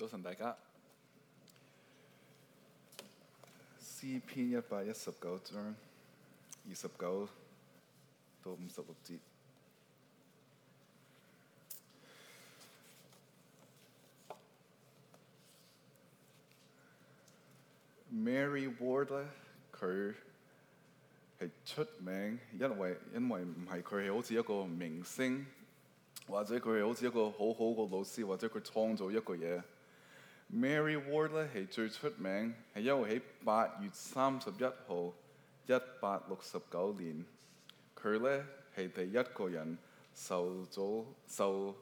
早晨，大家。詩篇一百一十九章四十九到五十六節。Mary Ward 咧，佢係出名，因為因為唔係佢係好似一個明星，或者佢係好似一個好好嘅老師，或者佢創造一個嘢。Mary Ward 咧係最出名，係因為喺八月三十一號，一八六九年，佢咧係第一個人受咗受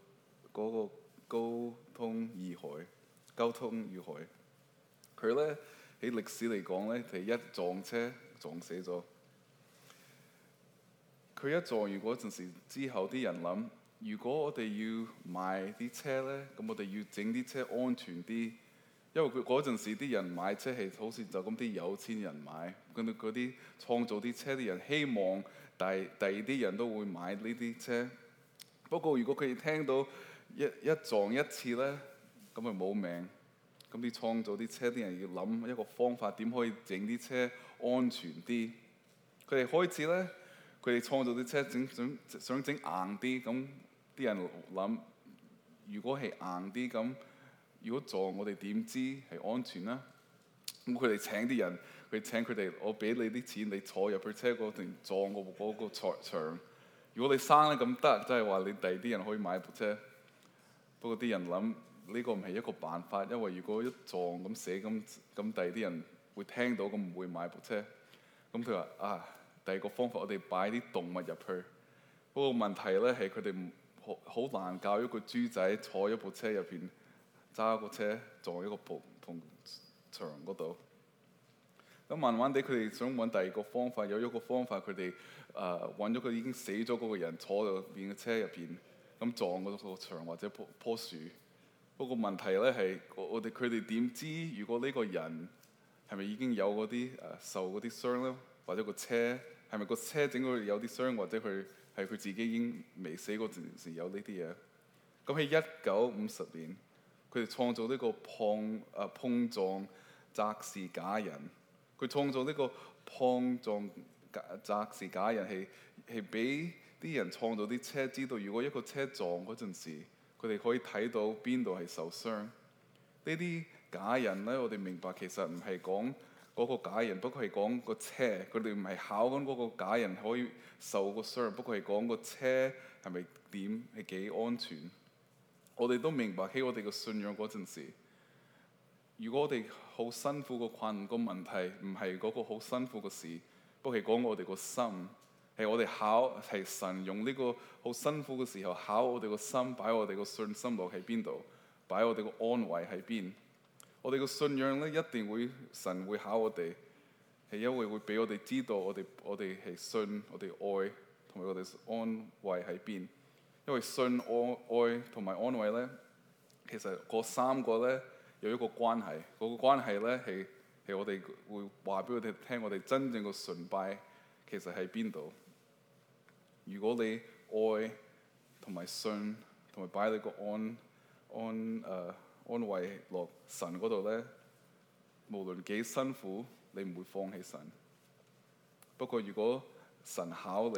嗰個交通意外交通意外。佢咧喺歷史嚟講咧，第一撞車撞死咗。佢一撞完嗰陣時之後啲人諗。如果我哋要買啲車咧，咁我哋要整啲車安全啲，因為佢嗰陣時啲人買車係好似就咁啲有錢人買，咁啲嗰啲創造啲車啲人希望第第二啲人都會買呢啲車。不過如果佢哋聽到一一撞一次咧，咁咪冇命，咁啲創造啲車啲人要諗一個方法點可以整啲車安全啲。佢哋開始咧，佢哋創造啲車整想想整硬啲咁。啲人諗，如果係硬啲咁，如果撞我哋點知係安全啦？咁佢哋請啲人，佢請佢哋，我俾你啲錢，你坐入去車嗰度撞我嗰個場。如果你生得咁得，即係話你第二啲人可以買部車。這個、不過啲人諗呢個唔係一個辦法，因為如果一撞咁死咁，咁第二啲人會聽到咁唔會買部車。咁佢話啊，第二個方法我哋擺啲動物入去。嗰個問題咧係佢哋唔。好難教一個豬仔坐一部車入邊，揸個車撞一個同牆嗰度。咁慢慢地，佢哋想揾第二個方法，有一個方法，佢哋誒揾咗佢已經死咗嗰個人坐喺入邊嘅車入邊，咁撞嗰個牆或者棵棵樹。不過問題咧係，我哋佢哋點知如果呢個人係咪已經有嗰啲誒受嗰啲傷咧？或者個車係咪個車整到有啲傷或者佢？係佢自己已經未死嗰陣時有呢啲嘢，咁喺一九五十年，佢哋創造，呢個碰啊碰撞測試假人，佢創造呢個碰撞測試假人係係俾啲人創造啲車知道，如果一個車撞嗰陣時，佢哋可以睇到邊度係受傷。呢啲假人咧，我哋明白其實唔係講。嗰個假人，不過係講個車，佢哋唔係考緊嗰個假人可以受個傷，不過係講個車係咪點係幾安全。我哋都明白喺我哋個信仰嗰陣時，如果我哋好辛苦個困個問題，唔係嗰個好辛苦個事，不過係講我哋個心係我哋考係神用呢個好辛苦嘅時候考我哋個心，擺我哋個信心落喺邊度，擺我哋個安慰喺邊。我哋嘅信仰咧，一定會神會考我哋，係因為會俾我哋知道我哋我哋係信、我哋愛同埋我哋安慰喺邊。因為信、愛、愛同埋安慰咧，其實嗰三個咧有一個關係。嗰、那個關係咧係係我哋會話俾我哋聽，我哋真正嘅信拜其實喺邊度。如果你愛同埋信同埋擺你個安安誒。呃安慰落神嗰度咧，無論幾辛苦，你唔會放棄神。不過如果神考你，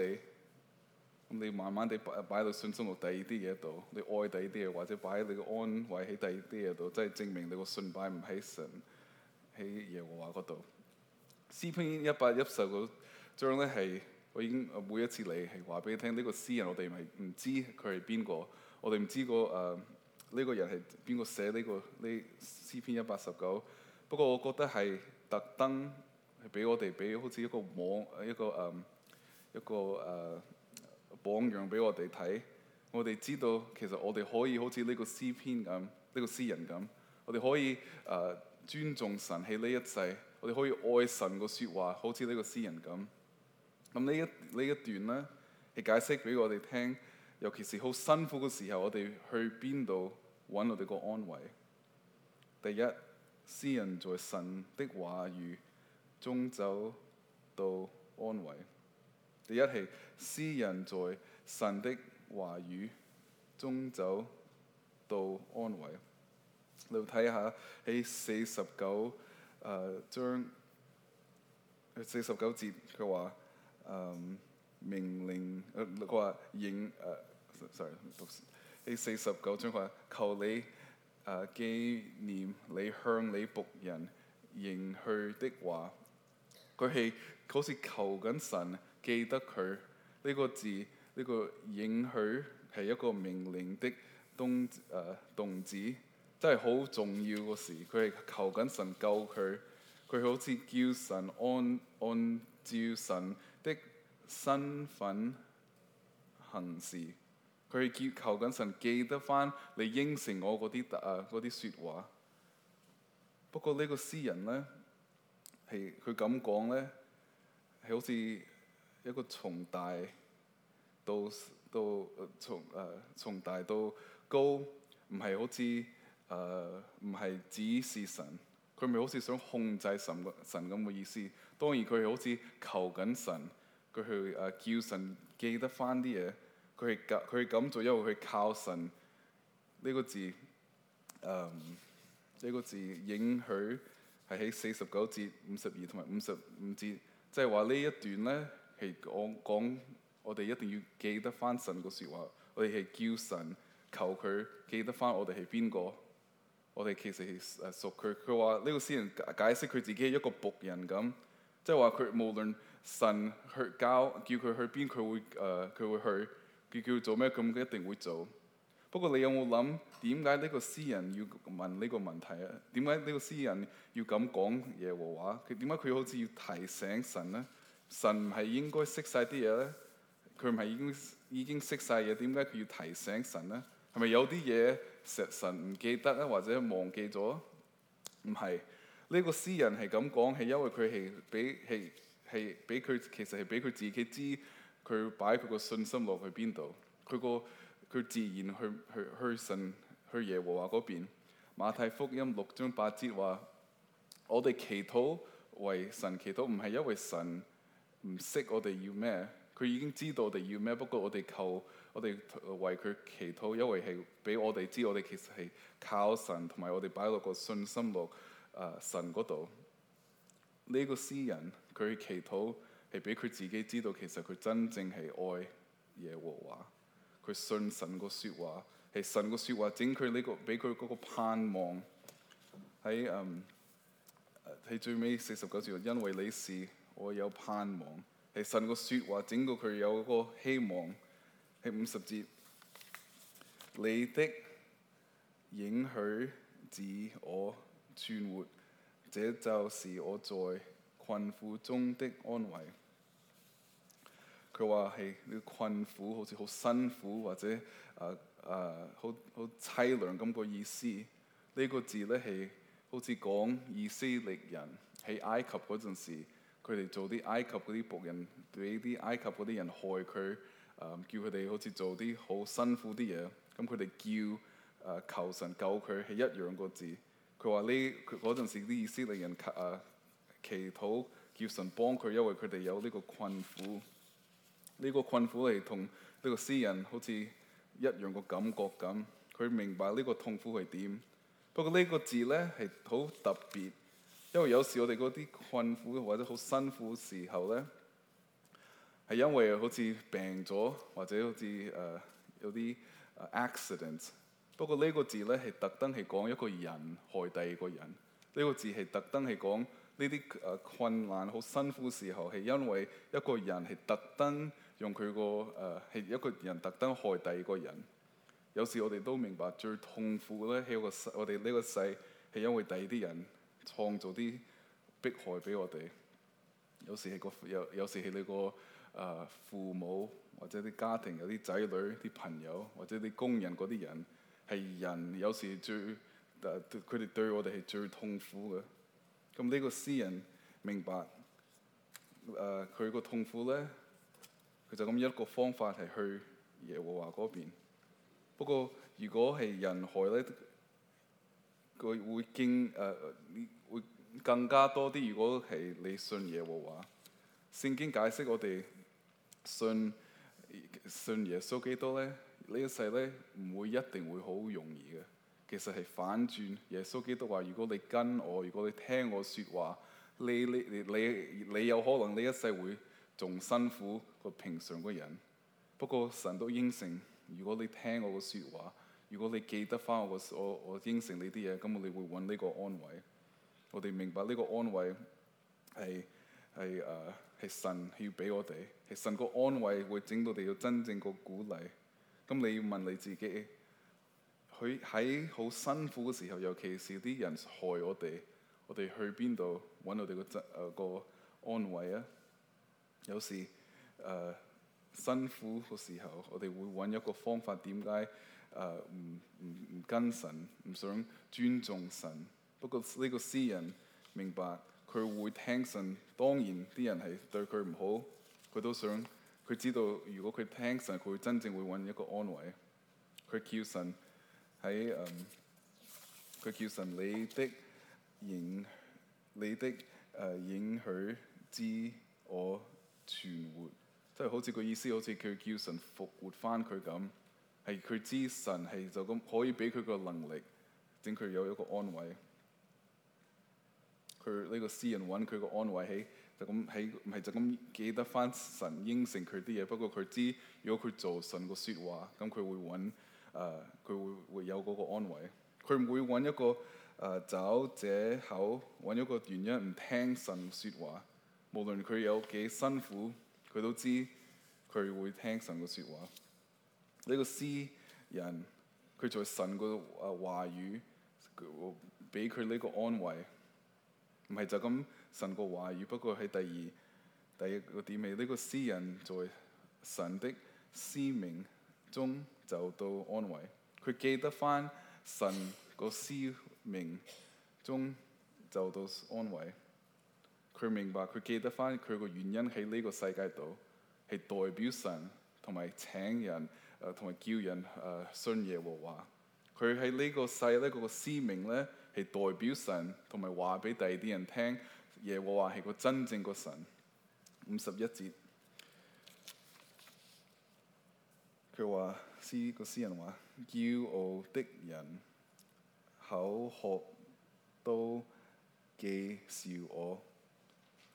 咁你慢慢地擺擺到信心落第二啲嘢度，你愛第二啲嘢，或者擺你個安慰喺第二啲嘢度，真係證明你個信擺唔喺神喺耶和華嗰度。詩篇一百一十九嗰章咧係我已經每一次嚟係話俾你聽，呢、這個詩人我哋咪唔知佢係邊個，我哋唔知個誒。呢個人係邊個寫呢個呢詩篇一百十九？不過我覺得係特登係俾我哋俾好似一個模一個誒、um, 一個誒、uh, 榜樣俾我哋睇。我哋知道其實我哋可以好似呢個詩篇咁，呢個詩人咁。我哋可以誒、uh, 尊重神喺呢一世，我哋可以愛神個説話，好似呢個詩人咁。咁呢一呢一段咧，係解釋俾我哋聽，尤其是好辛苦嘅時候，我哋去邊度？揾我哋個安慰。第一，詩人在神的話語中找到安慰。第一係詩人在神的話語中找到安慰。你睇下喺四十九誒章四十九節佢話誒，命令，誒佢話「影」呃。誒，sorry。第四十九章，話，求你誒記、呃、念你向你僕人應許的話。佢係好似求緊神記得佢呢，這個字，呢，這個應許係一個命令的動誒、呃、動詞，真係好重要個事。佢係求緊神救佢，佢好似叫神按按照神的身份行事。佢係求緊神記得翻你應承我嗰啲特啊嗰啲説話。不過個詩呢個詩人咧，係佢咁講咧，係好似一個從大到到從誒從大到高，唔係好似誒唔係指示神，佢咪好似想控制神個神咁嘅意思。當然佢係好似求緊神，佢去誒、呃、叫神記得翻啲嘢。佢係咁做，因為佢靠神呢、呢個字，誒、嗯、呢、呢個字應許係喺四十九節、五十二同埋五十五節，即係話呢一段咧係講講，我哋一定要記得返神個説話，我哋係叫神求佢記得返我哋係邊個，我哋其實係誒屬佢。佢話呢個詩人解解釋佢自己係一個僕人咁，即係話佢無論神去教叫佢去邊，佢會誒佢、呃、會去。佢叫做咩？咁佢一定會做。不過你有冇諗點解呢個詩人要問呢個問題啊？點解呢個詩人要咁講耶和華？佢點解佢好似要提醒神呢？神唔係應該識晒啲嘢呢？佢唔係已經已經識晒嘢？點解佢要提醒神呢？係咪有啲嘢石神唔記得咧？或者忘記咗？唔係，呢個詩人係咁講係因為佢係俾係係俾佢其實係俾佢自己知。佢擺佢個信心落去邊度？佢個佢自然去去去神去耶和華嗰邊。馬太福音六章八節話：我哋祈禱為神祈禱，唔係因為神唔識我哋要咩，佢已經知道我哋要咩。不過我哋求我哋為佢祈禱，因為係俾我哋知，我哋其實係靠神，同埋我哋擺落個信心落誒、呃、神嗰度。呢、這個詩人佢祈禱。係俾佢自己知道，其實佢真正係愛耶和華，佢信神個説話，係神個説話整佢呢個，俾佢嗰個盼望。喺誒喺最尾四十九節，因為你是我有盼望。係神個説話整個佢有個希望。喺五十節，你的應許使我存活，這就是我在困苦中的安慰。佢話係呢、嗯嗯呃一一個，呃、個困苦，好似好辛苦或者誒誒好好淒涼咁個意思。呢個字咧係好似講以色列人喺埃及嗰陣時，佢哋做啲埃及嗰啲僕人對啲埃及嗰啲人害佢誒，叫佢哋好似做啲好辛苦啲嘢。咁佢哋叫誒求神救佢，係一樣個字。佢話呢佢嗰陣時啲以色列人誒祈禱叫神幫佢，因為佢哋有呢個困苦。呢個困苦係同呢個詩人好似一樣個感覺咁，佢明白呢個痛苦係點。不過呢個字呢，係好特別，因為有時我哋嗰啲困苦或者好辛苦時候呢，係因為好似病咗或者好似誒、uh, 有啲 accident。不過呢個字呢，係特登係講一個人害第二個人。呢、呢個字係特登係講呢啲誒困難好辛苦時候係因為一個人係特登。用佢個誒係一個人特登害第二個人，有時我哋都明白最痛苦咧係個我哋呢個世係因為第二啲人創造啲迫害俾我哋。有時係個有，有時係你、那個誒、呃、父母或者啲家庭有啲仔女、啲朋友或者啲工人嗰啲人係人，人有時最誒佢哋對我哋係最痛苦嘅。咁呢個詩人明白誒佢個痛苦咧。佢就咁一個方法係去耶和華嗰邊。不過如果係人害咧，佢會經誒、呃、會更加多啲。如果係你信耶和華，聖經解釋我哋信信耶穌基督咧，呢一世咧唔會一定會好容易嘅。其實係反轉耶穌基督話：如果你跟我，如果你聽我説話，你你你你你有可能呢一世會。仲辛苦個平常個人，不過神都應承。如果你聽我個説話，如果你記得翻我個我我應承你啲嘢，咁我哋會揾呢個安慰。我哋明白呢個安慰係係誒係神要俾我哋，係神個安慰會整到我哋有真正個鼓勵。咁你要問你自己，佢喺好辛苦嘅時候，尤其是啲人害我哋，我哋去邊度揾我哋、呃、個真安慰啊？有時誒、呃、辛苦嘅時候，我哋會揾一個方法。點解誒唔唔跟神，唔想尊重神？不過呢個詩人明白，佢會聽神。當然啲人係對佢唔好，佢都想佢知道，如果佢聽神，佢會真正會揾一個安慰。佢叫神喺佢、嗯、叫神你的影，你的誒、呃、應許知我。存活，即係好似個意思，好似佢叫神復活翻佢咁，係佢知神係就咁可以俾佢個能力，令佢有一個安慰。佢呢個詩人揾佢個安慰喺，就咁喺唔係就咁記得翻神應承佢啲嘢。不過佢知如果佢做神個説話，咁佢會揾誒，佢、呃、會會有嗰個安慰。佢唔會揾一個誒、呃、找借口揾一個原因唔聽神説話。無論佢有幾辛苦，佢都知佢會聽神個說話。呢、這個詩人，佢在神個誒話語，俾佢呢個安慰，唔係就咁神個話語。不過喺第二、第二個點嚟。呢、這個詩人在神的詩名中就到安慰，佢記得翻神個詩名中就到安慰。佢明白，佢記得返佢個原因喺呢個世界度係代表神，同埋請人，誒同埋叫人誒、呃、信耶和華。佢喺呢個世咧，嗰個使命咧係代表神，同埋話俾第二啲人聽，耶和華係個真正個神。五十一節，佢話詩、那個詩人話：驕傲的人口渴都記笑我。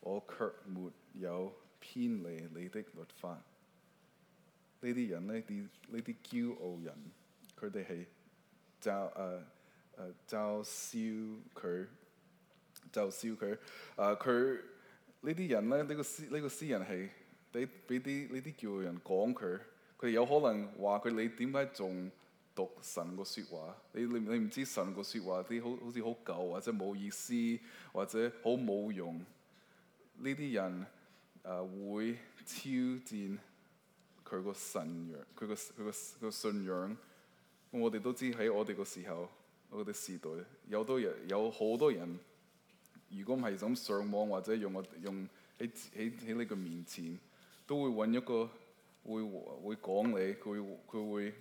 我卻沒有偏離你的律法。呢啲人咧，啲呢啲驕傲人，佢哋係就誒誒就笑佢，就笑佢誒。佢、啊、呢啲人咧，呢個呢個詩人係你俾啲呢啲驕傲人講佢，佢哋有可能話：「佢你點解仲讀神個說話？你你你唔知神個說話啲好好似好舊，或者冇意思，或者好冇用。」呢啲人誒、啊、會挑戰佢個信仰，佢個佢個佢信仰。我哋都知喺我哋個時候，我哋時代有多人有好多人。如果唔係咁上網，或者用我用喺喺喺你嘅面前，都會揾一個會會講你，佢會佢會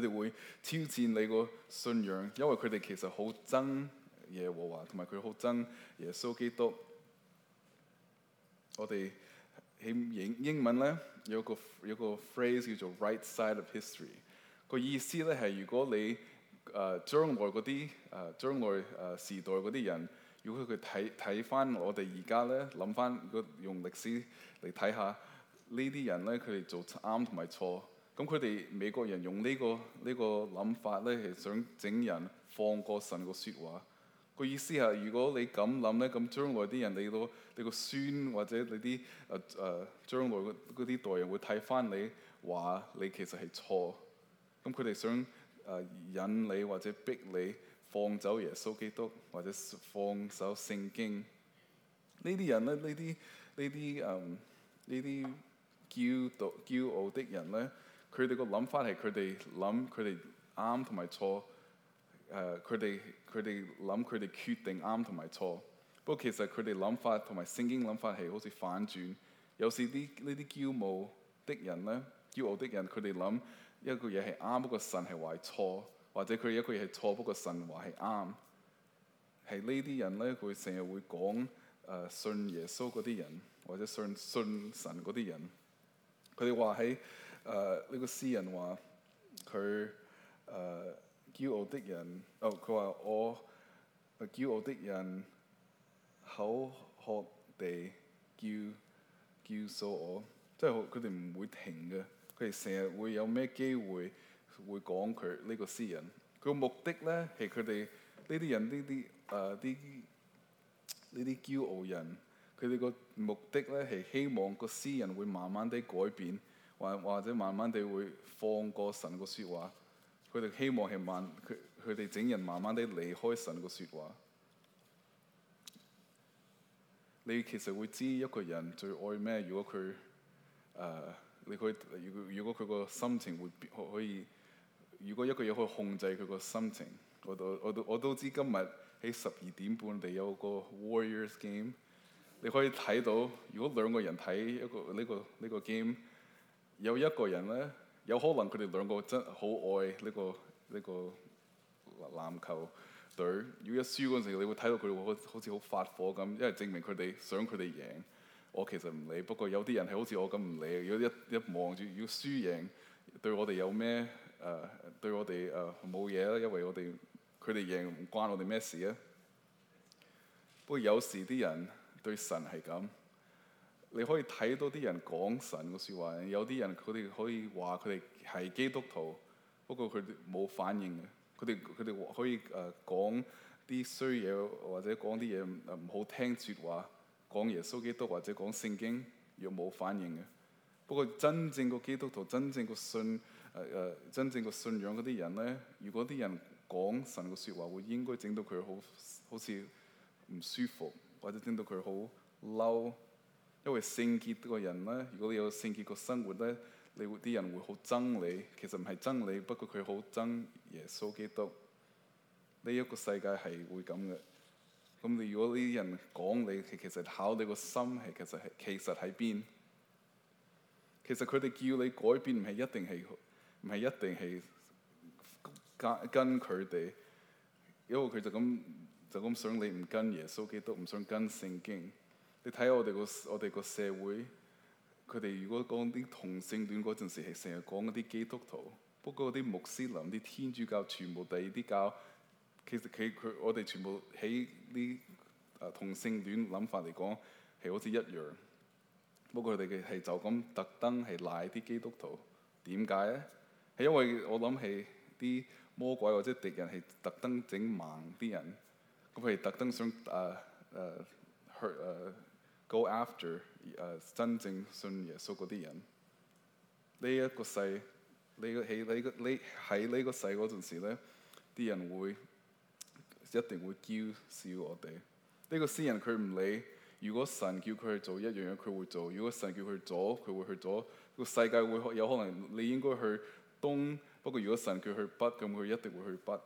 佢哋會挑戰你個信仰，因為佢哋其實好憎耶和華，同埋佢好憎耶穌基督。我哋喺英英文咧有個有個 phrase 叫做 right side of history，那個意思咧係如果你誒、呃、將來嗰啲誒將來誒、呃、時代嗰啲人，如果佢睇睇翻我哋而家咧，諗翻如果用歷史嚟睇下呢啲人咧，佢哋做啱同埋錯，咁佢哋美國人用，這個這個，呢個呢個諗法咧，係想整人放過神個説話。個意思係：如果你咁諗咧，咁將來啲人你個你個孫或者你啲誒誒將來嗰啲代人會睇返你話你其實係錯，咁佢哋想誒、呃、引你或者逼你放走耶穌基督或者放手聖經。呢啲人咧，呢啲呢啲誒呢啲驕傲驕傲的人咧，佢哋個諗法係佢哋諗佢哋啱同埋錯。誒佢哋佢哋諗佢哋決定啱同埋錯，不過其實佢哋諗法同埋聖經諗法係好似反轉。有時啲呢啲驕傲的人咧，驕傲的人佢哋諗一個嘢係啱，不過神係話錯；或者佢一個嘢係錯，不過神話係啱。係呢啲人咧，佢成日會講誒、呃、信耶穌嗰啲人，或者信信神嗰啲人，佢哋話喺誒呢個詩人話佢誒。呃驕傲的人，哦，佢話我驕傲的人口渴地叫叫數我，即係佢哋唔會停嘅，佢哋成日會有咩機會會講佢呢個詩人。佢個目的咧，係佢哋呢啲人呢啲誒啲呢啲驕傲人，佢哋個目的咧係希望個詩人會慢慢地改變，或或者慢慢地會放過神個說話。佢哋希望係慢，佢佢哋整人慢慢地離開神個說話。你其實會知一個人最愛咩？如果佢誒、呃，你佢如果如果佢個心情會，可以，如果一個嘢可以控制佢個心情，我都我都我都知。今日喺十二點半，哋有個 Warriors game。你可以睇到，如果兩個人睇一個呢個呢個 game，有一個人咧。有可能佢哋兩個真係好愛呢個呢個籃球隊。如果一輸嗰陣時，你會睇到佢哋好似好發火咁，因為證明佢哋想佢哋贏。我其實唔理，不過有啲人係好似我咁唔理。如果一一望住要輸贏，對我哋有咩誒、呃？對我哋誒冇嘢啦，因為我哋佢哋贏唔關我哋咩事啊。不過有時啲人對神係咁。你可以睇到啲人講神嘅説話，有啲人佢哋可以話佢哋係基督徒，不過佢哋冇反應嘅。佢哋佢哋可以誒講啲衰嘢，或者講啲嘢唔好聽説話，講耶穌基督或者講聖經，又冇反應嘅。不過真正個基督徒、真正個信誒誒、呃、真正個信仰嗰啲人咧，如果啲人講神嘅説話，會應該整到佢好好似唔舒服，或者整到佢好嬲。因為聖潔個人咧，如果你有聖潔個生活咧，你會啲人會好憎你。其實唔係憎你，不過佢好憎耶穌基督。呢一個世界係會咁嘅。咁你如果呢啲人講你，其其實考你個心係其實係其實喺邊？其實佢哋叫你改變唔係一定係唔係一定係跟佢哋，因為佢就咁就咁想你唔跟耶穌基督，唔想跟聖經。你睇下我哋個我哋個社會，佢哋如果講啲同性戀嗰陣時，係成日講嗰啲基督徒。不過啲穆斯林、啲天主教全部第二啲教，其實佢佢我哋全部喺呢誒同性戀諗法嚟講係好似一樣。不過佢哋嘅係就咁特登係賴啲基督徒，點解咧？係因為我諗係啲魔鬼或者敵人係特登整盲啲人，咁佢特登想誒誒 hurt go after 誒真正信耶穌嗰啲人，呢一個世，呢喺呢個呢喺呢個世嗰陣時咧，啲人會一定會嘲笑我哋。呢個詩人佢唔理。如果神叫佢做一樣嘢，佢會做；如果神叫佢左，佢會去左。個世界會有可能你應該去東，不過如果神叫佢去北，咁佢一定會去北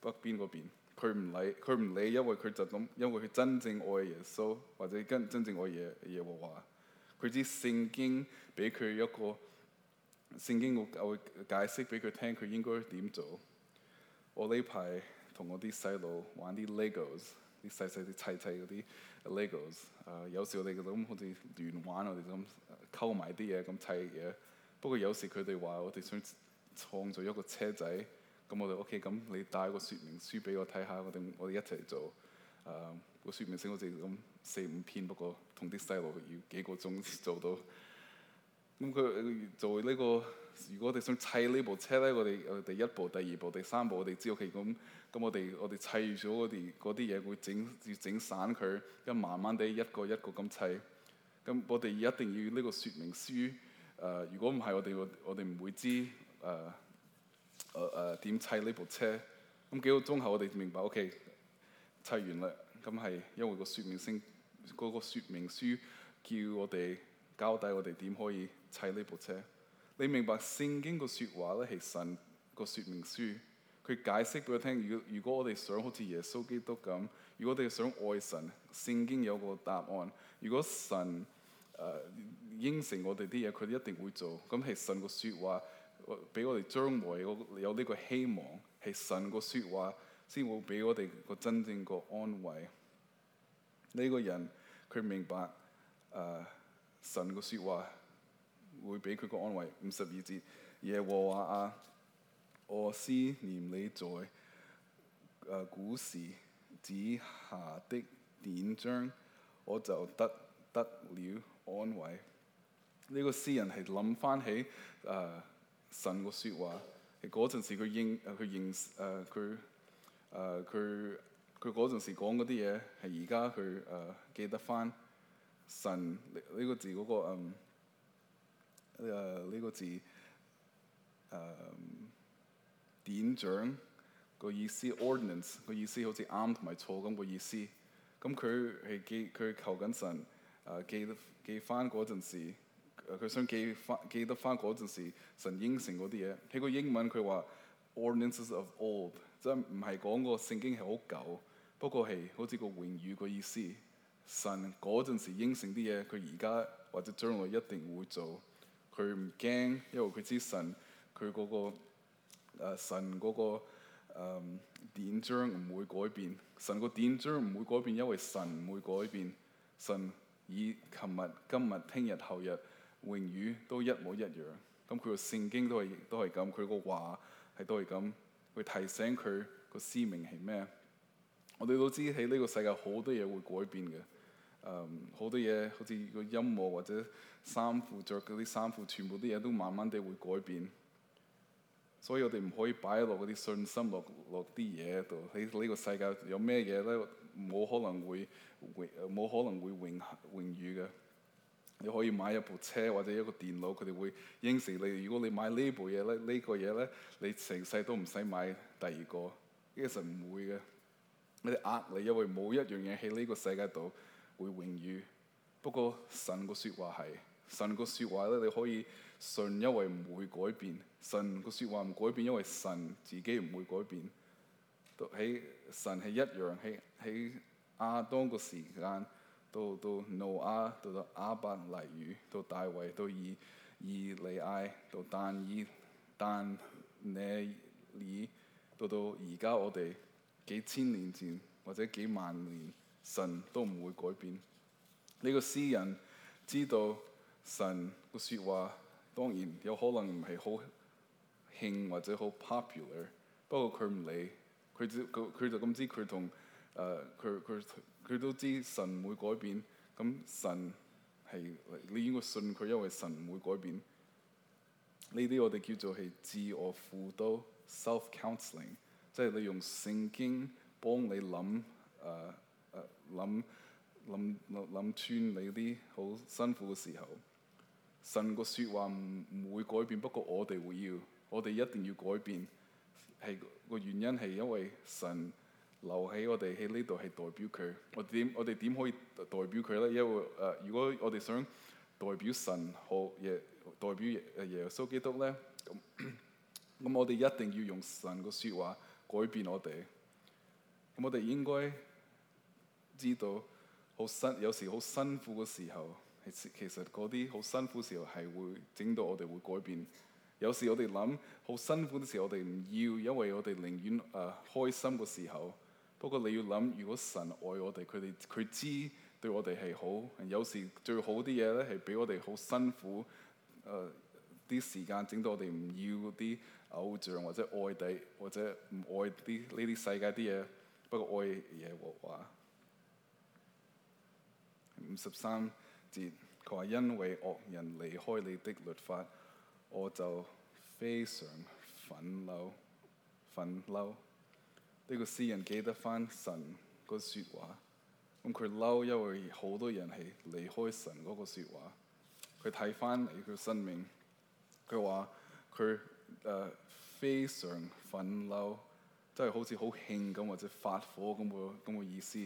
北邊嗰邊。佢唔理，佢唔理，因為佢就咁，因為佢真正愛耶穌，或者跟真正愛耶耶和華，佢知聖經俾佢一個，聖經我解釋俾佢聽，佢應該點做。我呢排同我啲細路玩啲 Legos，啲細細啲砌砌嗰啲 Legos，有時我哋咁好似亂玩我，我哋咁溝埋啲嘢咁砌嘢。不過有時佢哋話，我哋想創造一個車仔。咁我哋 OK，咁你帶個說明書俾我睇下，我哋我哋一齊做。誒、uh, 個說明書好似咁四五篇，不過同啲細路要幾個鐘先做到。咁佢做呢個，如果我哋想砌呢部車咧，我哋第一步、第二步、第三步、okay，我哋知佢咁。咁我哋我哋砌咗，我哋嗰啲嘢會整要整散佢，咁慢慢地一個一個咁砌。咁我哋一定要呢個說明書。誒、uh，如果唔係，我哋我哋唔會知誒。Uh, 誒誒，點、呃、砌呢部車？咁幾個鐘後，我哋就明白，O.K. 砌完啦。咁係因為個說明性，嗰個說明書叫我哋交代我哋點可以砌呢部車。你明白聖經個說話咧，係神個說明書。佢解釋俾我聽，如果如果我哋想好似耶穌基督咁，如果我哋想愛神，聖經有個答案。如果神誒、呃、應承我哋啲嘢，佢哋一定會做。咁係神個說話。俾我哋將來有呢個希望，係神個說話先會俾我哋個真正個安慰。呢、這個人佢明白誒、呃，神個說話會俾佢個安慰。五十二節，耶和華啊，我思念你在誒古時子下的典章，我就得得了安慰。呢、這個詩人係諗翻起誒。呃神個説話，係嗰陣時佢應，佢應，誒佢，誒佢，佢嗰陣時講嗰啲嘢，係而家佢誒記得翻。神呢呢個字嗰個嗯、誒呢個字誒典章個意思，ordinance 個意思好似啱同埋錯咁個意思。咁佢係記佢求緊神誒，記得記翻嗰陣時。佢、呃、想記翻記得翻嗰陣時神應承嗰啲嘢。睇個英文佢話 ordinances of old，即係唔係講個聖經係好舊，不過係好似個榮譽個意思。神嗰陣時應承啲嘢，佢而家或者將來一定會做。佢唔驚，因為佢知神佢嗰、嗰個、呃、神嗰、嗰個典、呃、章唔會改變。神個典章唔會改變，因為神唔會改變。神以琴日、今日、聽日、後日。永遠都一模一樣，咁佢個聖經都係都係咁，佢個話係都係咁，去提醒佢個使命係咩？我哋都知喺呢個世界好多嘢會改變嘅，誒、嗯、好多嘢好似個音樂或者衫褲，着嗰啲衫褲，全部啲嘢都慢慢地會改變，所以我哋唔可以擺落嗰啲信心落落啲嘢度。喺呢個世界有咩嘢咧？冇可能會永冇可能會永永遠嘅。你可以買一部車或者一個電腦，佢哋會應承你。如果你買部、這個、呢部嘢咧，呢個嘢咧，你成世都唔使買第二個。其實唔會嘅，你哋呃你，因為冇一樣嘢喺呢個世界度會永遠。不過神嘅説話係，神嘅説話咧你可以信，因為唔會改變。神嘅説話唔改變，因為神自己唔會改變。喺神係一樣喺喺亞當嘅時間。到到挪亞，到阿到亞伯拉爾，到大衛，到以以利埃，到但以但耶利，到到而家我哋幾千年前或者幾萬年，神都唔會改變。呢、這個詩人知道神嘅説話，當然有可能唔係好興或者好 popular，不過佢唔理，佢知佢就咁知佢同誒佢佢。呃.佢都知神唔會改變，咁神係，你應該信佢，因為神唔會改變。呢啲我哋叫做係自我輔導 self counseling 即係你用聖經幫你諗，誒、呃，誒、啊、諗，諗，諗穿你啲好辛苦嘅時候。神個說話唔唔會改變，不過我哋會要，我哋一定要改變，係個原因係因為神。留喺我哋喺呢度係代表佢，我點我哋點可以代表佢咧？因為誒、呃，如果我哋想代表神和嘢，代表耶、啊、耶穌基督咧、嗯，咁咁，咁，咁、嗯、我哋一定要用神嘅説話改變我哋。咁咁我哋應該知道好辛，有時好辛苦嘅時候，其實嗰啲好辛苦嘅時候係會整到我哋會改變。有時我哋諗好辛苦嘅時候，我哋唔要，因為我哋寧願誒開心嘅時候。不過你要諗，如果神愛我哋，佢哋佢知對我哋係好。有時最好啲嘢咧，係俾我哋好辛苦。誒、呃，啲時間整到我哋唔要啲偶像或者愛地，或者唔愛啲呢啲世界啲嘢，不過愛耶和華。五十三節，佢話因為惡人離開你的律法，我就非常憤怒。憤怒。呢個詩人記得翻神個説話，咁佢嬲，因為好多人係離開神嗰個説話。佢睇翻佢個生命，佢話佢誒非常憤嬲，即係好似好興咁或者發火咁嘅咁嘅意思。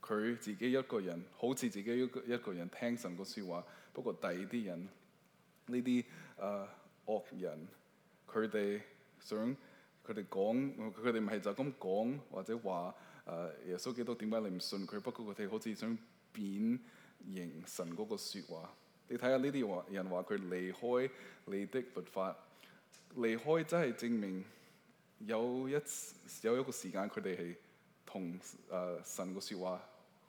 佢自己一個人好似自己一一個人聽神個説話，不過第二啲人呢啲誒惡人，佢哋、呃、想。佢哋講，佢哋唔係就咁講或者話誒、呃、耶穌基督點解你唔信佢？不過佢哋好似想變形神嗰個説話。你睇下呢啲話，人話佢離開你的律法，離開，真係證明有一有一個時間佢哋係同誒神個説話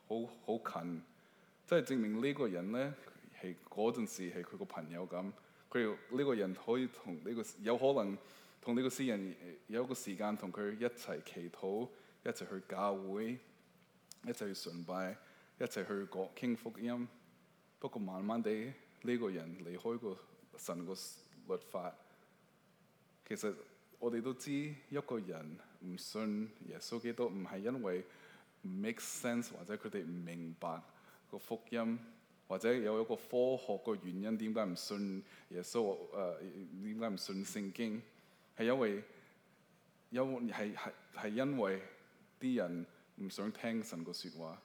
好好近，即係證明呢個人咧係嗰陣時係佢個朋友咁。佢呢個人可以同呢、這個有可能。同呢個詩人有一個時間，同佢一齊祈禱，一齊去教會，一齊去崇拜，一齊去講傾福音。不過慢慢地，呢個人離開個神個律法。其實我哋都知，一個人唔信耶穌基督，唔係因為唔 make sense，或者佢哋唔明白個福音，或者有一個科學個原因點解唔信耶穌？誒，點解唔信聖經？係因為，有係係係因為啲人唔想聽神個説話，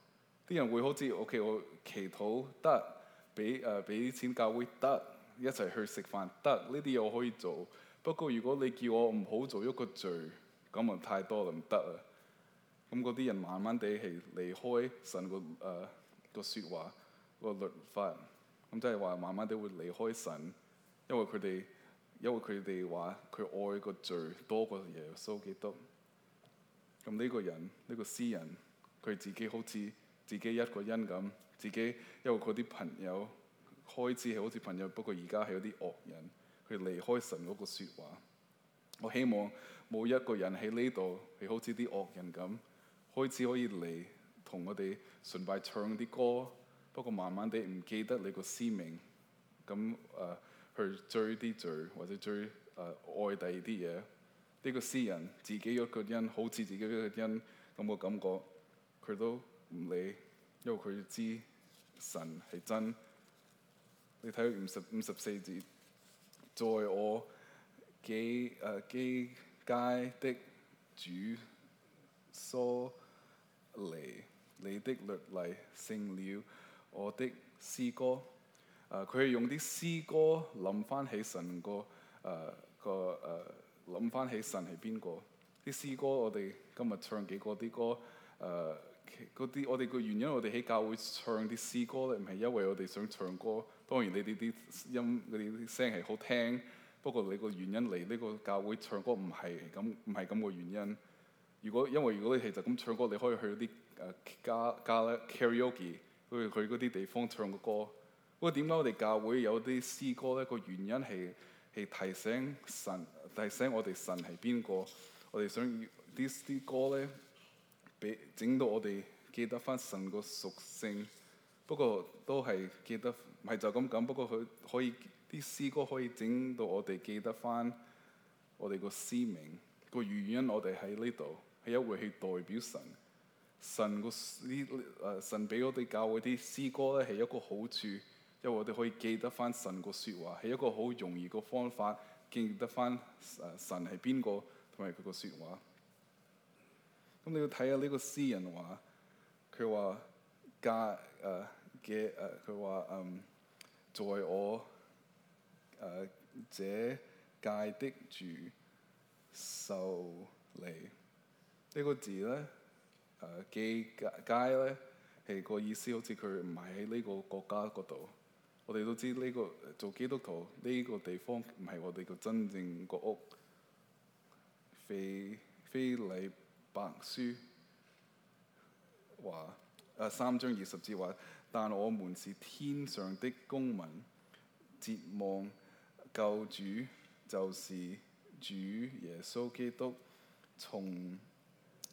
啲人會好似 OK，我祈禱得，俾誒俾啲錢教會得，一齊去食飯得，呢啲嘢我可以做。不過如果你叫我唔好做一個罪，咁就太多啦，唔得啦。咁嗰啲人慢慢地係離開神、呃、個誒個説話、個律法，咁即係話慢慢地會離開神，因為佢哋。因為佢哋話佢愛個罪多過耶穌基督，咁呢個人呢，呢個詩人佢自己好似自己一個人咁，自己因為佢啲朋友開始係好似朋友，不過而家係有啲惡人，佢離開神嗰個説話。我希望冇一個人喺呢度係好似啲惡人咁，開始可以嚟同我哋崇拜唱啲歌，不過慢慢地唔記得你個使命咁誒。去追啲罪，或者追誒外地啲嘢，呢個詩人自己一個人，好似自己一個人咁嘅感覺，佢都唔理，因為佢知神係真。你睇佢五十五十四節，在我寄誒寄居的住，所裡你的律例成了我的詩歌。誒，佢、uh, 用啲詩歌諗翻起神個誒個誒，諗、呃、翻、啊、起神係邊個啲詩歌？我哋今日唱幾個啲歌誒，嗰、呃、啲我哋個原因，我哋喺教會唱啲詩歌咧，唔係因為我哋想唱歌。當然你哋啲音、你哋啲聲係好聽，不過你個原因嚟呢個教會唱歌唔係咁，唔係咁個原因。如果因為如果你其實咁唱歌，你可以去啲誒加加咧 karaoke，去去嗰啲地方唱個歌。不過點解我哋教會有啲詩歌咧？個原因係係提醒神，提醒我哋神係邊個。我哋想啲詩歌咧，俾整到我哋記得翻神個屬性。不過都係記得，唔係就咁咁。不過佢可以啲詩歌可以整到我哋記得翻我哋個詩名個原因我。我哋喺呢度係一為去代表神，神個啲誒神俾我哋教會啲詩歌咧係一個好處。因為我哋可以記得返神個説話，係一個好容易個方法，記得返神係邊個同埋佢個説話。咁你要睇下呢個詩人話，佢話家誒嘅誒，佢、啊、話、啊、嗯，在我誒、啊、這界的住受你呢、這個字咧誒嘅家咧係個意思，好似佢唔係喺呢個國家嗰度。我哋都知呢、這個做基督徒呢、這個地方唔係我哋嘅真正個屋。腓立比書話、啊：，三章二十節話，但我們是天上的公民，切望救主就是主耶穌基督，從、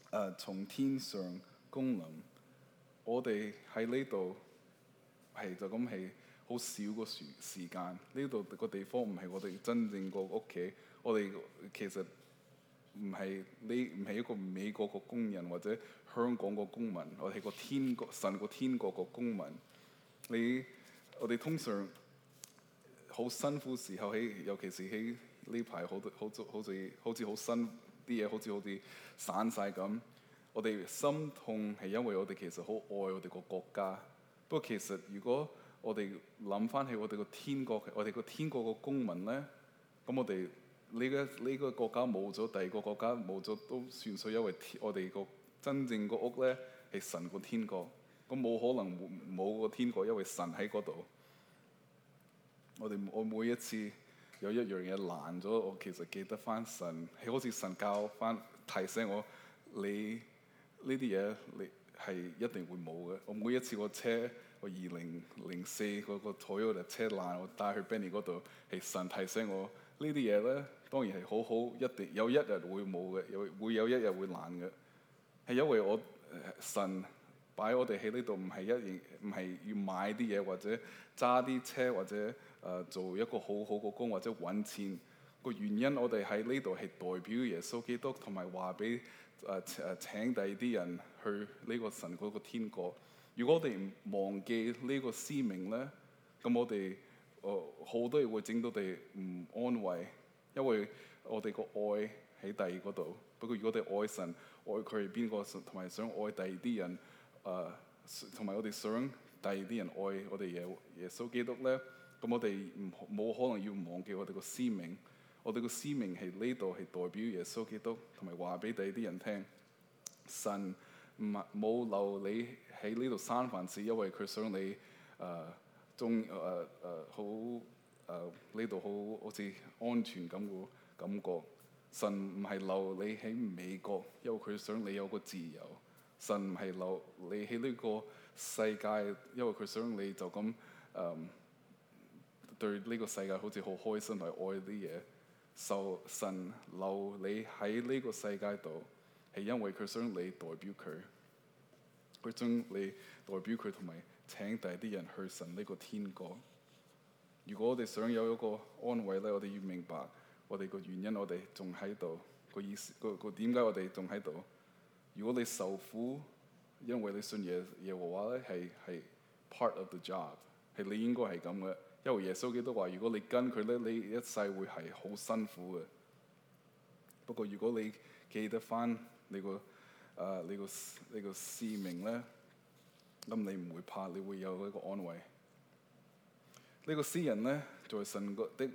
呃、從天上降臨，我哋喺呢度係就咁係。是好少個時時間，呢度個地方唔係我哋真正個屋企。我哋其實唔係你唔係一個美國個工人，或者香港個公民，我哋係個天國神個天國個公民。你我哋通常好辛苦時候喺，尤其是喺呢排好多好好似好似好辛啲嘢好似好似散晒咁。我哋心痛係因為我哋其實好愛我哋個國家，不過其實如果我哋諗翻起我哋個天國，我哋個天國個公民咧，咁我哋呢個呢個國家冇咗，第二個國家冇咗，都算數，因為我哋個真正個屋咧係神個天國，咁冇可能冇個天國，因為神喺嗰度。我哋我每一次有一樣嘢爛咗，我其實記得翻神，係好似神教翻提醒我，你呢啲嘢你係一定會冇嘅。我每一次個車。二零零四嗰個台喎就車爛，我帶去 Benny 嗰度，係神提醒我呢啲嘢咧，當然係好好，一定有一日會冇嘅，有會有一日會爛嘅，係因為我、呃、神擺我哋喺呢度唔係一，唔係要買啲嘢或者揸啲車或者誒、呃、做一個好好嘅工或者揾錢個原因，我哋喺呢度係代表耶穌基督，同埋話俾誒誒請第啲人去呢個神嗰個天國。如果我哋唔忘記個呢個使命咧，咁我哋誒好多嘢會整到我哋唔安慰，因為我哋個愛喺第二度。不過如果我哋愛神、愛佢係邊個，同埋想愛第二啲人，誒同埋我哋想第二啲人愛我哋耶耶穌基督咧，咁我哋唔冇可能要忘記我哋個使命。我哋個使命係呢度係代表耶穌基督，同埋話俾第二啲人聽：神唔冇留你。喺呢度三藩市，因為佢想你誒、呃、中誒誒、呃呃呃、好誒呢度好好似安全感嘅感覺。神唔係留你喺美國，因為佢想你有個自由。神唔係留你喺呢個世界，因為佢想你就咁誒、呃、對呢個世界好似好開心同愛啲嘢。受神留你喺呢個世界度，係因為佢想你代表佢。佢將你代表佢同埋請第啲人去神呢個天國。如果我哋想有一個安慰咧，我哋要明白我哋個原因我，我哋仲喺度個意思個個點解我哋仲喺度？如果你受苦，因為你信耶耶和華咧，係係 part of the job，係你應該係咁嘅。因為耶穌基督話：如果你跟佢咧，你一世會係好辛苦嘅。不過如果你記得返你個。誒，你個你個詩名咧，咁你唔會怕，你會有呢個安慰。呢個詩人咧，在神嘅的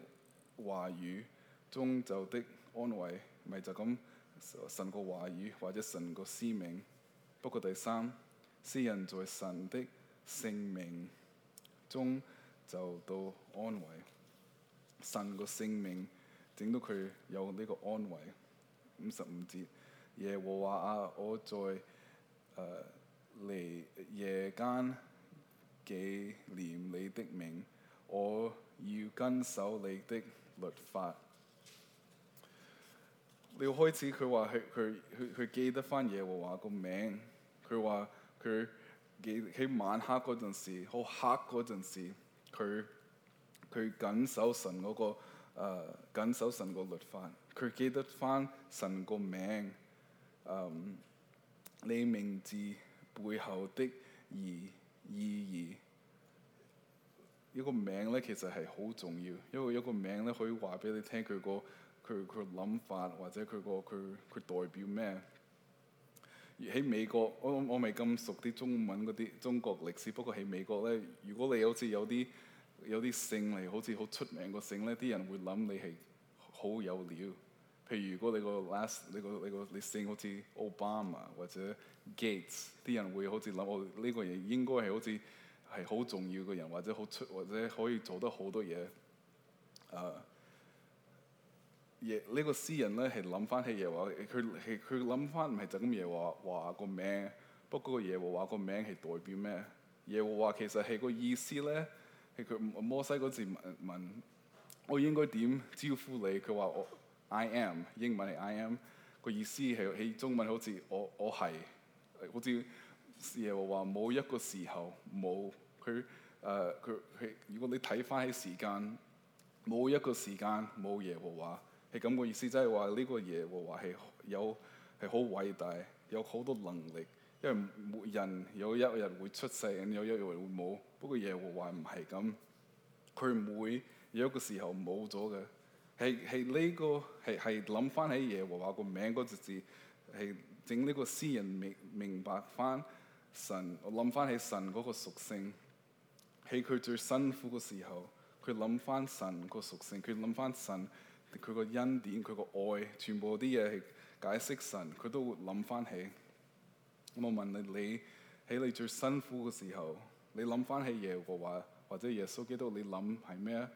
話語中就的安慰，咪就咁神嘅話語或者神嘅詩名。不過第三詩人在神的性命中就到安慰，神個性命整到佢有呢個安慰。五十五節。耶和華啊！我在誒、呃，夜夜間記念你的名，我要遵守你的律法。你開始佢話佢佢記得翻耶和華個名，佢話佢記喺晚黑嗰陣時，好黑嗰陣時，佢佢緊守神嗰、那個誒、呃，緊守神個律法，佢記得翻神個名。嗯，um, 你名字背後的意意義，一個名咧其實係好重要，因為一個名咧可以話俾你聽佢個佢佢諗法，或者佢個佢佢代表咩？而喺美國，我我未咁熟啲中文嗰啲中國歷史，不過喺美國咧，如果你好似有啲有啲姓嚟，好似好出名個姓咧，啲人會諗你係好有料。譬如如果你個 last，你個你個你姓好似 Obama 或者 Gates，啲人會好似諗我呢個嘢應該係好似係好重要嘅人或者好出或者可以做得好多嘢啊！亦呢、呢個詩人咧係諗翻起耶和華，佢佢諗翻唔係就咁耶和華個名，不過耶和華個名係代表咩？耶和華其實係個意思咧，係佢摩西嗰次問問我應該點招呼你？佢話我。I am 英文係 I am 個意思係喺中文好似我，我係好似耶和華，冇一個時候冇佢，誒佢佢，如果你睇翻喺時間，冇一個時間冇耶和華，係咁個意思，即係話呢個耶和華係有係好偉大，有好多能力，因為人有一日會出世，人有一日會冇。不過耶和華唔係咁，佢唔會有一個時候冇咗嘅。係係呢個係係諗翻起耶和華個名嗰隻字，係整呢個詩人明白明白翻神，諗翻起神嗰個屬性。喺佢最辛苦嘅時候，佢諗翻神個屬性，佢諗翻神佢個恩典，佢個愛，全部啲嘢係解釋神，佢都會諗翻起。我問你：你喺你最辛苦嘅時候，你諗翻起耶和華，或者耶穌基督，你諗係咩啊？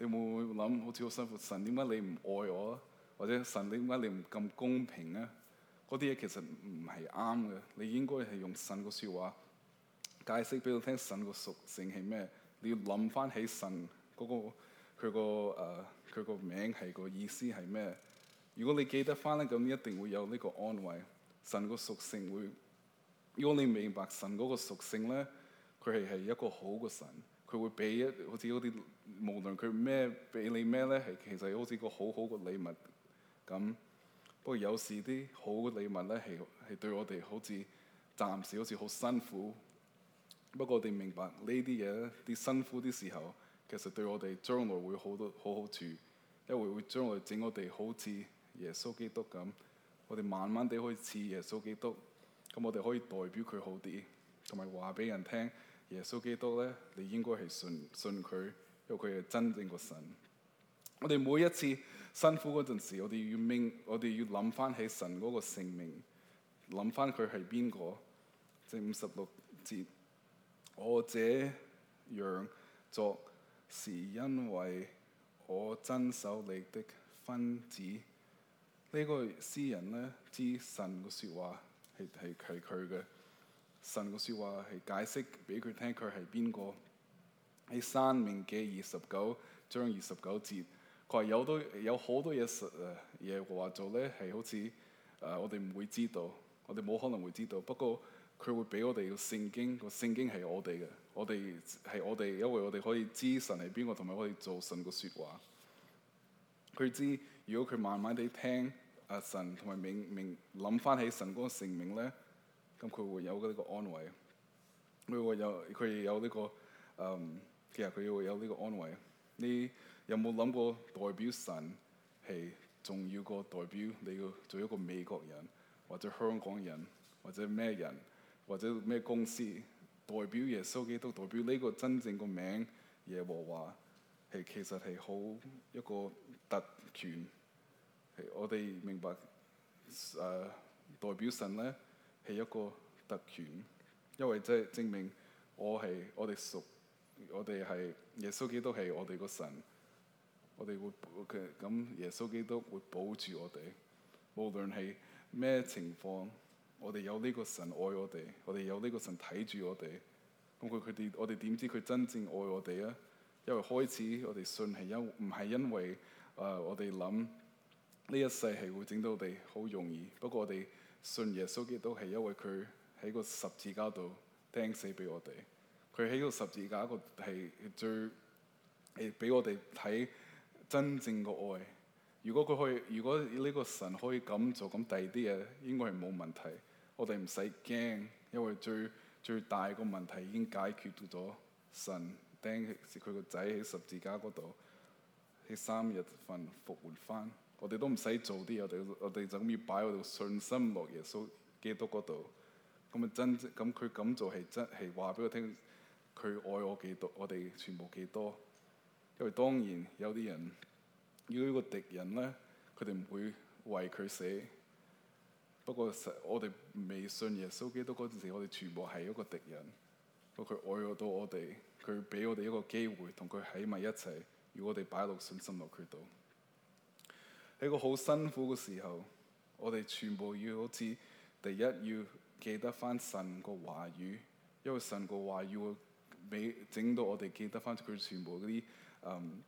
你會唔會諗好似好辛苦？神點解你唔愛我？或者神點解你唔咁公平咧？嗰啲嘢其實唔係啱嘅。你應該係用神嘅説話解釋俾我聽，神嘅屬性係咩？你要諗翻起神嗰個佢個誒佢個名係個意思係咩？如果你記得翻咧，咁一定會有呢個安慰。神嘅屬性會，如果你明白神嗰個屬性咧，佢係係一個好嘅神。佢會俾一好似嗰啲，無論佢咩俾你咩咧，係其實好似個好好個禮物咁。不過有時啲好嘅禮物咧，係係對我哋好似暫時好似好辛苦。不過我哋明白呢啲嘢，啲辛苦啲時候，其實對我哋將來會好多好好處，因為會將來整我哋好似耶穌基督咁，我哋慢慢地可以似耶穌基督，咁我哋可以代表佢好啲，同埋話俾人聽。耶穌基督咧，你應該係信信佢，因為佢係真正個神。我哋每一次辛苦嗰陣時，我哋要明，我哋要諗翻起神嗰個姓名，諗翻佢係邊個？即五十六節，我這樣作，是因為我遵守你的吩咐。這個、詩呢個詩人咧，知神個説話係係係佢嘅。神個說話係解釋俾佢聽，佢係邊個。喺申命記二十九章二十九節佢話有，有多、呃、好多有好多嘢，實啊嘢話做咧係好似誒我哋唔會知道，我哋冇可能會知道，不過佢會俾我哋個聖經，個聖經係我哋嘅，我哋係我哋，因為我哋可以知神係邊個，同埋可以做神個說話。佢知如果佢慢慢地聽阿、啊、神，同埋明明諗翻起神嗰個聖名咧。咁佢、嗯、會有呢個安慰，佢會有佢有呢、呢個，嗯，其實佢會有呢個安慰。你有冇諗過代表神係重要過代表你要做一個美國人或者香港人或者咩人或者咩公司，代表耶穌基督，代表呢個真正個名耶和華係，其實係好一個特權。係我哋明白誒、呃、代表神咧。係一個特權，因為即係證明我係我哋熟，我哋係耶穌基督係我哋個神，我哋會嘅咁耶穌基督會保住我哋，無論係咩情況，我哋有呢個神愛我哋，我哋有呢個神睇住我哋。咁佢佢哋我哋點知佢真正愛我哋啊？因為開始我哋信係因唔係因為誒、呃、我哋諗呢一世係會整到我哋好容易，不過我哋。信耶穌嘅都係因為佢喺個十字架度釘死俾我哋，佢喺個十字架度係最誒俾我哋睇真正嘅愛。如果佢可以，如果呢個神可以咁做，咁第二啲嘢應該係冇問題。我哋唔使驚，因為最最大個問題已經解決咗。神釘死佢個仔喺十字架度。喺三日份復活會翻。我哋都唔使做啲，我哋我哋就咁要擺喺度信心落耶穌基督嗰度。咁啊真，咁佢咁做係真係話俾我聽，佢愛我幾多，我哋全部幾多。因為當然有啲人，如果個敵人呢個敵人咧，佢哋唔會為佢死。不過我哋未信耶穌基督嗰陣時，我哋全部係一個敵人。不過佢愛我到我哋，佢俾我哋一個機會同佢喺埋一齊，如果我哋擺落信心落佢度。喺個好辛苦嘅時候，我哋全部要好似第一要記得翻神個話語，因為神個話語會俾整到我哋記得翻佢全部嗰啲嗯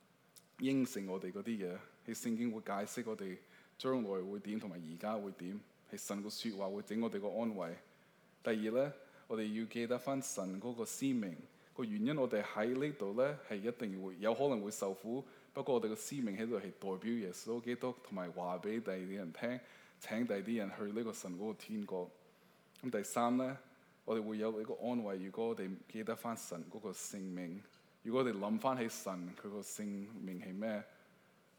應承我哋嗰啲嘢。喺聖經會解釋我哋將來會點同埋而家會點，係神個説話會整我哋個安慰。第二咧，我哋要記得翻神嗰個使命個原因。我哋喺呢度咧係一定要會有可能會受苦。不過我哋嘅使命喺度係代表耶穌基督，同埋話俾第二啲人聽，請第二啲人去呢個神嗰個天國。咁第三咧，我哋會有呢個安慰。如果我哋記得翻神嗰個姓名，如果我哋諗翻起神佢個姓名係咩，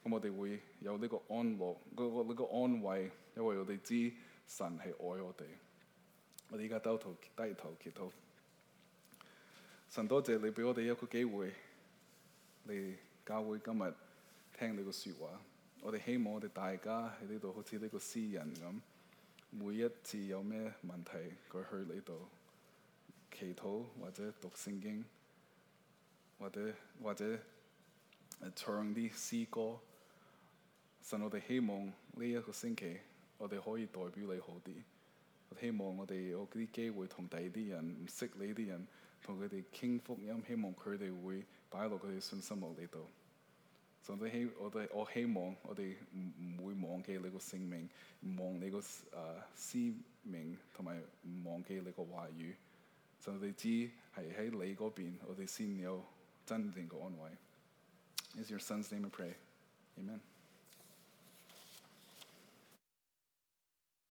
咁我哋會有呢個安樂，嗰個呢個安慰，因為我哋知神係愛我哋。我哋依家低頭低頭祈禱，神多謝你俾我哋一個機會，你。教會今日聽你個説話，我哋希望我哋大家喺呢度好似呢個詩人咁，每一次有咩問題，佢去你度祈禱或者讀聖經，或者或者唱啲詩歌。神，我哋希望呢一個星期，我哋可以代表你好啲。我希望我哋有啲機會同第二啲人唔識你啲人，同佢哋傾福音，希望佢哋會。擺落佢哋信心裏度，上帝希我哋，我希望我哋唔唔會忘記你個姓名，唔忘你個誒使命，同埋唔忘記你個話語。就我哋知係喺你嗰邊，我哋先有真正嘅安慰。Is your,、uh, your, your, so you your, your son's name I pray? Amen.